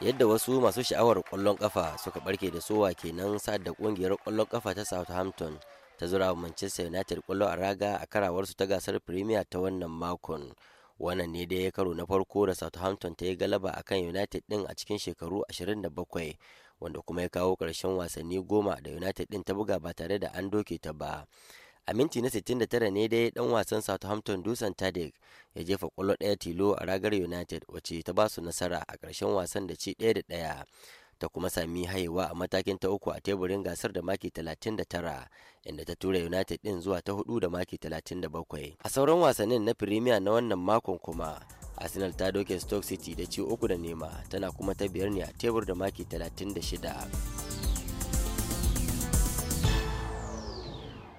yadda wasu masu sha'awar kwallon kafa suka barke da sowa kenan sa'ad da kungiyar kwallon kafa ta southampton ta zura wa manchester united kwallo a raga a karawarsu ta gasar premier ta wannan makon wannan ne dai ya karo na farko da southampton ta yi galaba a kan united din a cikin shekaru 27 wanda kuma ya kawo ƙarshen wasanni goma da united din ta buga ba tare da an doke ta ba a minti na 69 ne dai dan wasan southampton dusan tadic ya jefa kwallo ɗaya tilo a ragar united wacce ta ba su nasara a ƙarshen wasan da ci ɗaya da ɗaya ta kuma sami hayewa a matakin ta uku a teburin gasar da maki 39 inda ta tura united din zuwa ta hudu da maki 37 a sauran wasannin na premier na wannan makon kuma arsenal ta doke stoke city da ci uku da nema tana kuma ta biyar ne a tebur da maki 36